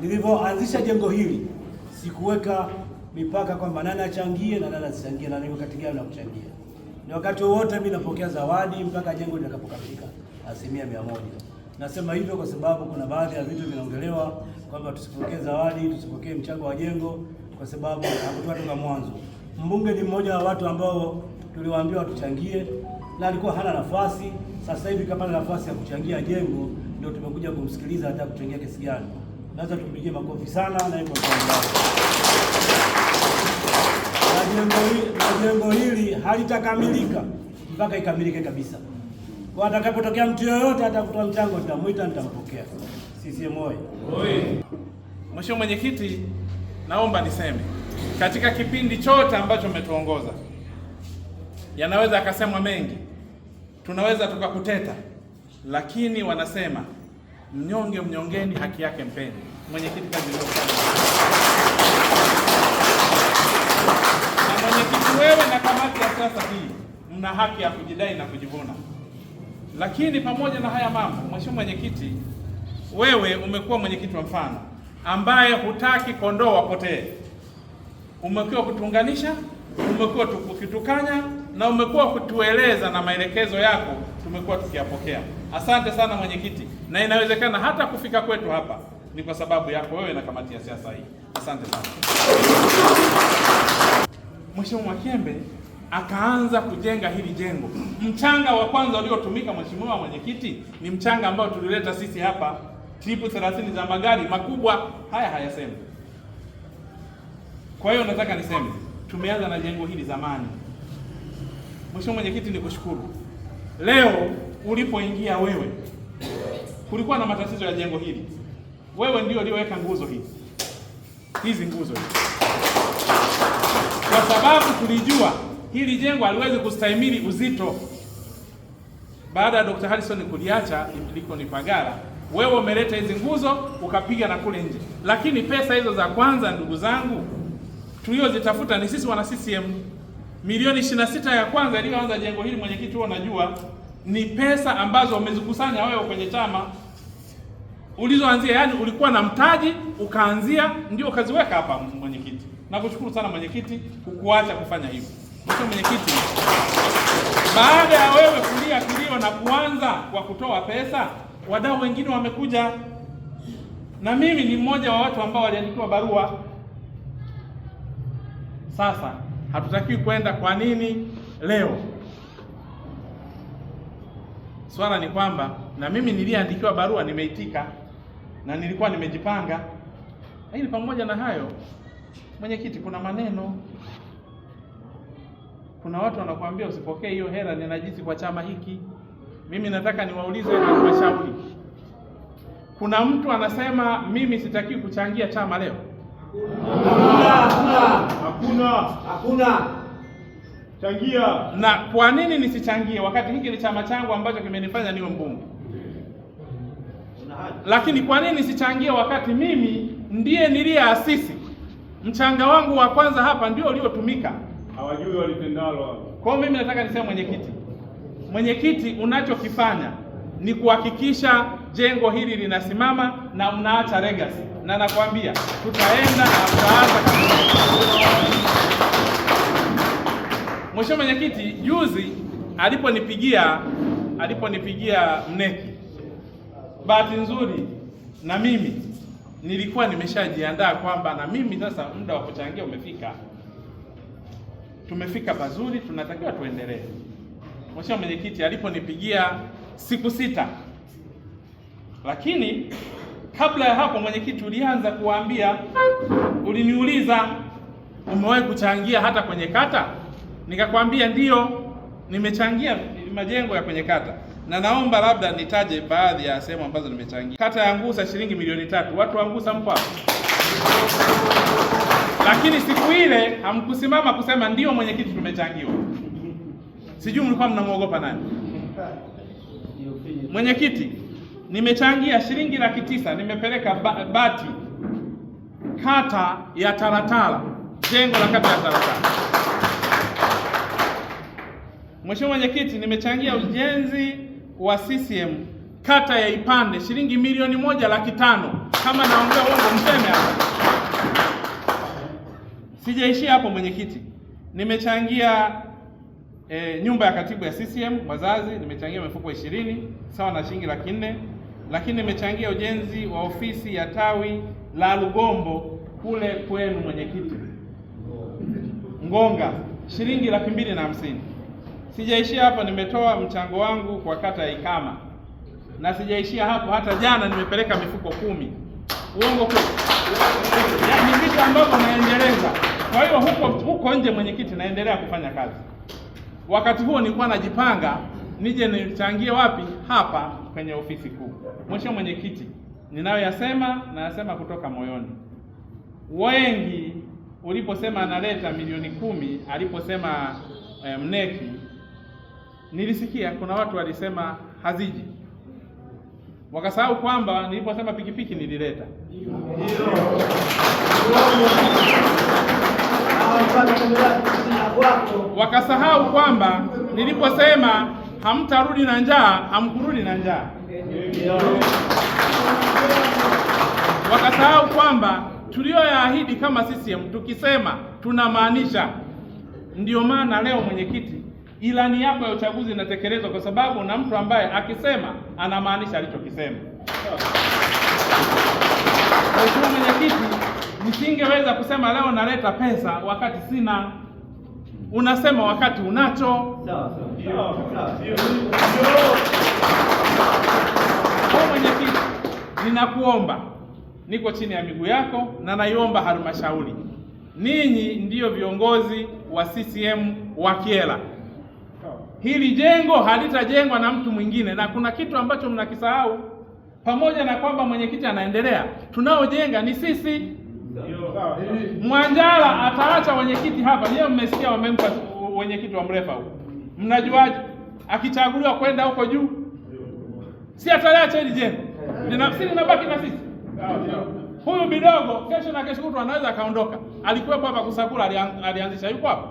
Nilivyoanzisha jengo hili sikuweka mipaka kwamba nani achangie na nani asichangie na niko kati gani na kuchangia. Ni wakati wote mimi napokea zawadi mpaka jengo litakapokamilika asilimia mia moja. Nasema hivyo kwa sababu kuna baadhi ya vitu vinaongelewa kwamba tusipokee zawadi, tusipokee mchango wa jengo kwa sababu hakutoa toka mwanzo. Mbunge ni mmoja wa watu ambao tuliwaambiwa tuchangie na alikuwa hana nafasi. Sasa hivi kapata nafasi ya kuchangia jengo, ndio tumekuja kumsikiliza hata kuchangia kiasi gani. Naweza tumpigie makofi sana na hivyo na jengo hili halitakamilika mpaka ikamilike kabisa. Kwa atakapotokea mtu yoyote atakutoa mchango, nitamwita nitampokea. CCM oyee! Mheshimiwa Mwenyekiti, naomba niseme katika kipindi chote ambacho umetuongoza, yanaweza akasemwa mengi, tunaweza tukakuteta, lakini wanasema mnyonge mnyongeni haki yake mpeni. Mwenyekiti, kazi ndio na mwenyekiti, wewe na kamati ya siasa hii mna haki ya kujidai na kujivuna. Lakini pamoja na haya mambo, mheshimiwa mwenyekiti, wewe umekuwa mwenyekiti wa mfano ambaye hutaki kondoo wapotee. Umekuwa kutuunganisha, umekuwa ukitukanya na umekuwa kutueleza, na maelekezo yako tumekuwa tukiyapokea. Asante sana mwenyekiti, na inawezekana hata kufika kwetu hapa ni kwa sababu yako wewe na kamati ya siasa hii. Asante sana. Mheshimiwa Mwakyembe akaanza kujenga hili jengo. Mchanga wa kwanza uliotumika, mheshimiwa mwenyekiti, ni mchanga ambao tulileta sisi hapa, tipu 30 za magari makubwa haya hayasemi. Kwa hiyo nataka niseme tumeanza na jengo hili zamani. Mheshimiwa mwenyekiti, nikushukuru leo ulipoingia wewe kulikuwa na matatizo ya jengo hili, wewe ndio ulioweka nguzo hizi hizi nguzo hizi, kwa sababu tulijua hili jengo haliwezi kustahimili uzito. Baada ya Dr. Harrison kuliacha liko Nipagala, wewe umeleta hizi nguzo ukapiga na kule nje, lakini pesa hizo za kwanza, ndugu zangu, tuliozitafuta ni sisi wana CCM, milioni 26 ya kwanza iliyoanza jengo hili, mwenyekiti, wewe unajua ni pesa ambazo wamezikusanya wewe kwenye chama ulizoanzia, yani ulikuwa na mtaji ukaanzia, ndio ukaziweka hapa. Mwenyekiti, nakushukuru sana mwenyekiti, kukuacha kufanya hivyo. Mheshimiwa mwenyekiti, baada ya wewe kulia kilio na kuanza kwa kutoa pesa, wadau wengine wamekuja, na mimi ni mmoja wa watu ambao waliandikiwa barua. Sasa hatutaki kwenda, kwa nini leo Swala ni kwamba na mimi niliandikiwa barua nimeitika, na nilikuwa nimejipanga. Lakini pamoja na hayo, mwenyekiti, kuna maneno, kuna watu wanakuambia usipokee hiyo hela, ni najisi kwa chama hiki. Mimi nataka niwaulize halmashauri, kuna mtu anasema mimi sitaki kuchangia chama leo? Hakuna, hakuna, hakuna. Changia. Na kwa nini nisichangie wakati hiki ni chama changu ambacho kimenifanya niwe mbunge? Lakini kwa nini nisichangie wakati mimi ndiye niliyeasisi? Mchanga wangu wa kwanza hapa ndio uliotumika. Hawajui walitendalo. Kwa hiyo mimi nataka niseme mwenyekiti, mwenyekiti, unachokifanya ni kuhakikisha jengo hili linasimama na mnaacha legacy, na nakwambia tutaenda na tutaanza kabisa. Mheshimiwa Mwenyekiti, juzi aliponipigia aliponipigia mneki, bahati nzuri na mimi nilikuwa nimeshajiandaa kwamba na mimi sasa muda wa kuchangia umefika, tumefika pazuri, tunatakiwa tuendelee. Mheshimiwa Mwenyekiti aliponipigia siku sita, lakini kabla ya hapo mwenyekiti, ulianza kuambia, uliniuliza umewahi kuchangia hata kwenye kata Nikakwambia ndiyo, nimechangia majengo ya kwenye kata, na naomba labda nitaje baadhi ya sehemu ambazo nimechangia. Kata ya Ngusa shilingi milioni tatu, watu wa Ngusa mpo hapo lakini siku ile hamkusimama kusema ndio mwenyekiti, tumechangiwa. Sijui mlikuwa mnamwogopa nani? Mwenyekiti, nimechangia shilingi laki tisa, nimepeleka bati kata ya Taratara, jengo la kata ya Taratara. Mheshimiwa Mwenyekiti, nimechangia ujenzi wa CCM kata ya Ipande shilingi milioni moja laki tano. Kama naongea uongo mseme hapa. Sijaishia hapo mwenyekiti, nimechangia e, nyumba ya katibu ya CCM wazazi, nimechangia mifuko ishirini sawa na shilingi laki nne, lakini nimechangia ujenzi wa ofisi ya tawi la Lugombo kule kwenu mwenyekiti Ngonga shilingi laki mbili na hamsini. Sijaishia hapa, nimetoa mchango wangu kwa kata ya Ikama na sijaishia hapo. Hata jana nimepeleka mifuko kumi. Uongo kweli? Ni vitu ambavyo naendeleza. Kwa hiyo huko huko nje, mwenyekiti, naendelea kufanya kazi. Wakati huo nilikuwa najipanga nije nichangie wapi? Hapa kwenye ofisi kuu. Mwisho mwenyekiti, ninayoyasema nayasema kutoka moyoni. Wengi uliposema analeta milioni kumi, aliposema eh, mneki nilisikia kuna watu walisema haziji, wakasahau kwamba niliposema pikipiki nilileta wakasahau kwamba niliposema hamtarudi na njaa, hamkurudi na njaa. Wakasahau kwamba tuliyoyaahidi kama CCM tukisema tunamaanisha. ndio maana leo mwenyekiti ilani yako ya uchaguzi inatekelezwa, kwa sababu na mtu ambaye akisema anamaanisha alichokisema. Mheshimiwa Mwenyekiti, nisingeweza kusema leo naleta pesa wakati sina, unasema wakati unacho. Mwenyekiti, ninakuomba, niko chini ya miguu yako na naiomba halmashauri, ninyi ndiyo viongozi wa CCM wa Kyela hili jengo halitajengwa na mtu mwingine. Na kuna kitu ambacho mnakisahau, pamoja na kwamba mwenyekiti anaendelea, tunaojenga ni sisi. Mwanjala ataacha wenyekiti hapa. Nyewe mmesikia wamempa wenyekiti wa Mrefa huko, mnajuaje? Akichaguliwa kwenda huko juu, si ataliacha hili jengo binafsi, linabaki na sisi. Huyu bidogo kesho na kesho kutwa anaweza akaondoka. Alikuwepo hapa Kusakula, alianzisha, yuko hapa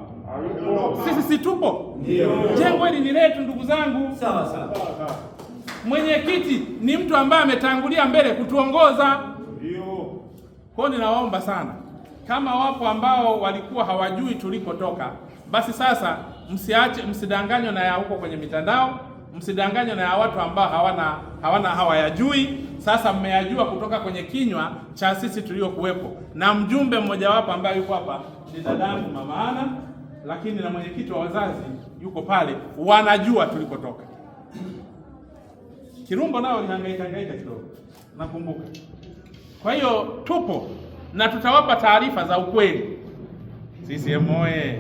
sisi si tupo? Jengo hili ni letu ndugu zangu. Sawa sawa. Mwenyekiti ni mtu ambaye ametangulia mbele kutuongoza. Ndio. Kwa hiyo ninawaomba sana, kama wapo ambao walikuwa hawajui tulikotoka, basi sasa msiache, msidanganywe na ya huko kwenye mitandao, msidanganywe na ya watu ambao hawana hawana hawayajui. Sasa mmeyajua kutoka kwenye kinywa cha sisi tuliokuwepo, na mjumbe mmojawapo ambaye yuko hapa ni dadangu Mama Ana lakini na mwenyekiti wa wazazi yuko pale, wanajua tulikotoka. Kirumbo nao lihangaika hangaika kidogo, nakumbuka. Kwa hiyo tupo na tutawapa taarifa za ukweli. CCM oye!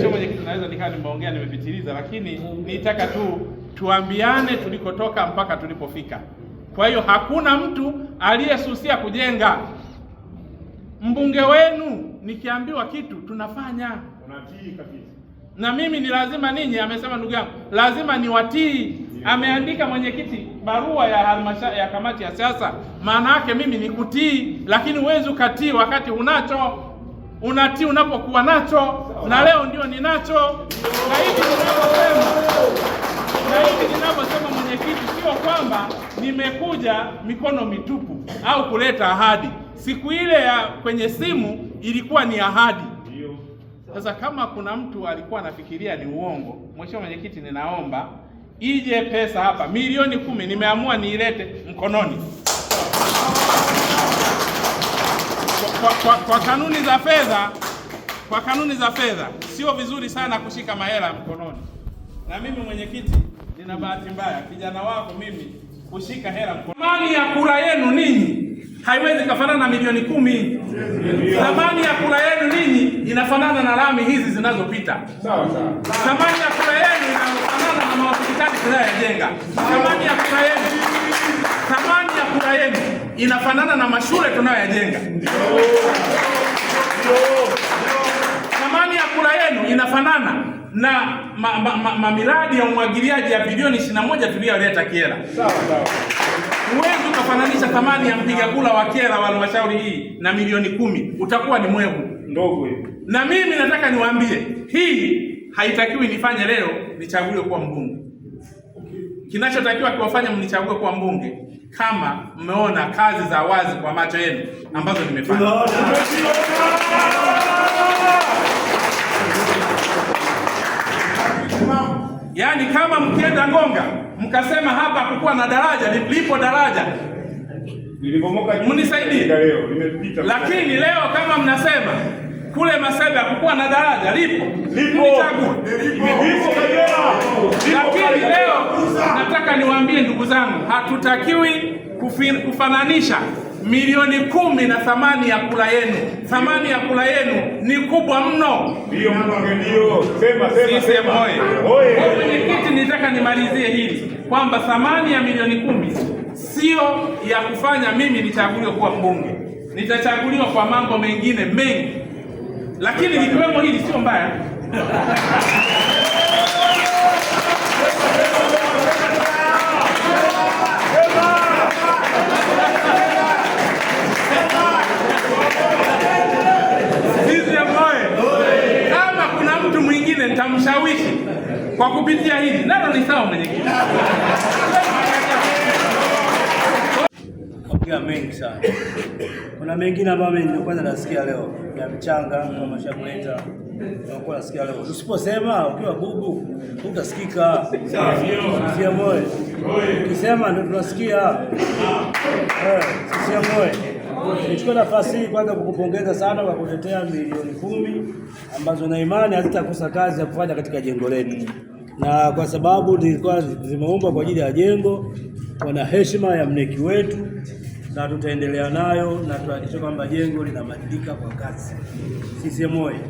Sio mwenyekiti, naweza nikawa nimeongea nimepitiliza, lakini nitaka tu tuambiane tulikotoka mpaka tulipofika. Kwa hiyo hakuna mtu aliyesusia kujenga. Mbunge wenu nikiambiwa kitu tunafanya unatii kabisa na mimi ni lazima ninyi, amesema ndugu yangu, lazima niwatii. Ameandika mwenyekiti barua ya halmashauri ya kamati ya siasa, maana yake mimi ni kutii. Lakini huwezi ukatii wakati unacho, unatii unapokuwa nacho, na leo ndio ninacho, na hivi ninavyosema, na hivi ninavyosema mwenyekiti, sio kwamba nimekuja mikono mitupu au kuleta ahadi. Siku ile ya kwenye simu ilikuwa ni ahadi sasa kama kuna mtu alikuwa anafikiria ni uongo, mheshimiwa mwenyekiti, ninaomba ije pesa hapa milioni kumi, nimeamua niilete mkononi kwa, kwa, kwa kanuni za fedha. Kwa kanuni za fedha sio vizuri sana kushika mahela mkononi, na mimi mwenyekiti, nina bahati mbaya kijana wako mimi kushika hela mkononi. Thamani ya kura yenu ninyi haiwezi kafanana na milioni kumi. Thamani ya kura yenu ninyi inafanana na lami hizi zinazopita. Thamani ya kura yenu inafanana na mawakilitaji tunayojenga. Thamani ya kura yenu, thamani ya kura yenu inafanana na mashule tunayojenga. Thamani ya kura yenu inafanana na mamiradi ma, ma, ma ya umwagiliaji ya bilioni 21 tuliyoleta Kyela. Sawa sawa. Huwezi ukafananisha thamani ya mpiga kura wa Kyela wa halmashauri hii na milioni kumi, utakuwa ni mwevu ndogo hiyo. Na mimi nataka niwaambie hii haitakiwi nifanye leo nichaguliwe kuwa mbunge. Kinachotakiwa kiwafanye mnichague kuwa mbunge kama mmeona kazi za wazi kwa macho yenu ambazo nimefanya. Yaani, kama mkienda Ngonga mkasema hapa kukuwa na daraja, lipo daraja mnisaidie. Lakini leo kama mnasema kule Masaba hakukuwa na daraja, lipo lipo, lakini leo nataka niwaambie ndugu zangu, hatutakiwi kufananisha milioni kumi na thamani ya kula yenu. Thamani ya kula yenu ni kubwa mno. mwenyekiti, nitaka nimalizie hili kwamba thamani ya milioni kumi sio ya kufanya mimi nichaguliwe kuwa mbunge, nitachaguliwa kwa mambo mengine mengi lakini likiwemo hili sio mbaya nitamshawishi kwa kupitia hili nalo ni sawa mwenyekiti yametokea mengi sana. Kuna mengine ambayo kwanza nasikia leo ya mchanga kwa shakuleta nakuwa nasikia leo, usiposema ukiwa bubu utasikika. moyo ukisema ndio tunasikia eh, moyo. Nichukue nafasi hii kwanza kukupongeza sana kwa kutetea milioni kumi ambazo na imani hazitakosa kazi ya kufanya katika jengo letu, na kwa sababu zilikuwa zimeumbwa kwa ajili ya jengo, wana heshima ya mneki wetu na tutaendelea nayo na tuhakikishe kwamba jengo linabadilika kwa kasi. CCM oyee!